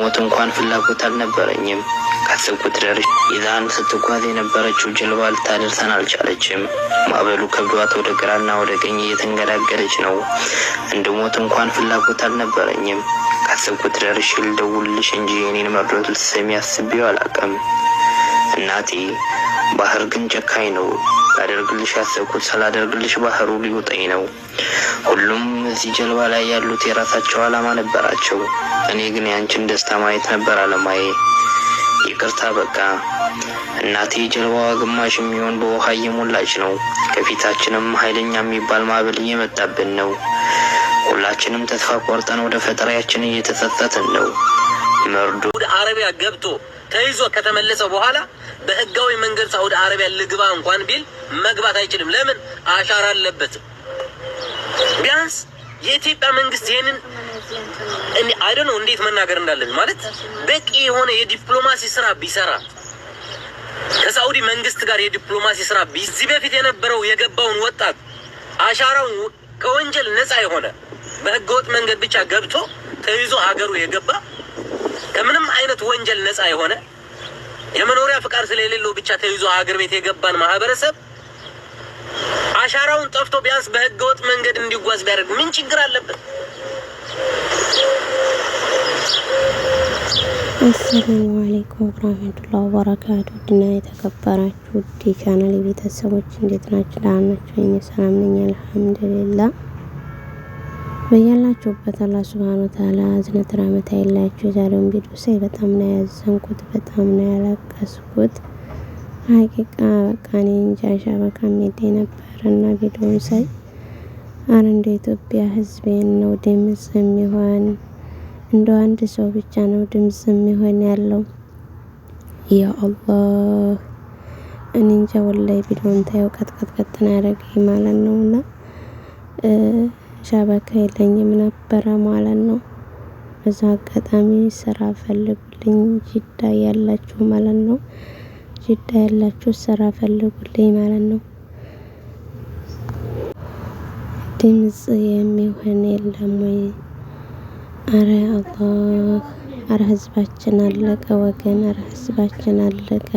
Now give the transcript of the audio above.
ሞት እንኳን ፍላጎት አልነበረኝም። ካሰብኩት ደርሼ ይዛን ስትጓዝ የነበረችው ጀልባ ልታደርሰን አልቻለችም። ማዕበሉ ከብዷት ወደ ግራና ወደ ቀኝ እየተንገዳገደች ነው። እንደ ሞት እንኳን ፍላጎት አልነበረኝም። ካሰብኩት ደርሼ ልደውልልሽ እንጂ የኔን መርዶት ልትሰሚ አስቤው አላቅም እናቴ ባህር ግን ጨካኝ ነው። ላደርግልሽ ያሰብኩት ስላደርግልሽ ባህሩ ሊውጠኝ ነው። ሁሉም እዚህ ጀልባ ላይ ያሉት የራሳቸው ዓላማ ነበራቸው። እኔ ግን ያንችን ደስታ ማየት ነበር አለማዬ። ይቅርታ በቃ እናቴ፣ ጀልባዋ ግማሽ የሚሆን በውሃ እየሞላች ነው። ከፊታችንም ኃይለኛ የሚባል ማዕበል እየመጣብን ነው። ሁላችንም ተስፋ ቆርጠን ወደ ፈጠራያችን እየተጸጸትን ነው። መርዶ አረቢያ ገብቶ ተይዞ ከተመለሰ በኋላ በህጋዊ መንገድ ሳውዲ አረቢያ ልግባ እንኳን ቢል መግባት አይችልም። ለምን? አሻራ አለበትም። ቢያንስ የኢትዮጵያ መንግስት ይህንን አይደ ነው እንዴት መናገር እንዳለብኝ ማለት በቂ የሆነ የዲፕሎማሲ ስራ ቢሰራ ከሳውዲ መንግስት ጋር የዲፕሎማሲ ስራ ቢዚህ በፊት የነበረው የገባውን ወጣት አሻራውን ከወንጀል ነፃ የሆነ በህገወጥ መንገድ ብቻ ገብቶ ተይዞ ሀገሩ የገባ ከምንም አይነት ወንጀል ነፃ የሆነ መኖሪያ ፍቃድ ስለሌለው ብቻ ተይዞ ሀገር ቤት የገባን ማህበረሰብ አሻራውን ጠፍቶ ቢያንስ በህገ ወጥ መንገድ እንዲጓዝ ቢያደርግ ምን ችግር አለበት? አሰላሙ አሌይኩም ወራህመቱላሂ ወበረካቱ። ድና የተከበራችሁ ዲ ቻናል ቤተሰቦች እንዴት ናችሁ? ደህና ናችሁ? እኔ ሰላም ነኝ አልሐምዱሊላህ። በያላችሁበት አላህ ሱብሃነ ወተዓላ እዝነት ራመት አይላችሁ። የዛሬውን ቪዲዮ ሳይ በጣም ነው ያዘንኩት፣ በጣም ነው ያለቀስኩት። ሀቂቃ በቃ እኔ እንጃ ሻበካ ሜዴ ነበር እና ቪዲዮውን ሳይ አረ እንደ ኢትዮጵያ ሕዝቤን ነው ድምጽ የሚሆን እንደ አንድ ሰው ብቻ ነው ድምጽ የሚሆን ያለው። ያ አላህ እኔ እንጃ ወላሂ ቪዲዮውን ታየው ቀጥቀጥቀጥ ነው ያደረገኝ ማለት ነውና ሸበካ የለኝም ነበረ ማለት ነው። በዛ አጋጣሚ ስራ ፈልጉልኝ ጅዳ ያላችሁ ማለት ነው። ጅዳ ያላችሁ ስራ ፈልጉልኝ ማለት ነው። ድምጽ የሚሆን የለም ወይ? አረ አላህ፣ አረ ህዝባችን አለቀ ወገን፣ አረ ህዝባችን አለቀ።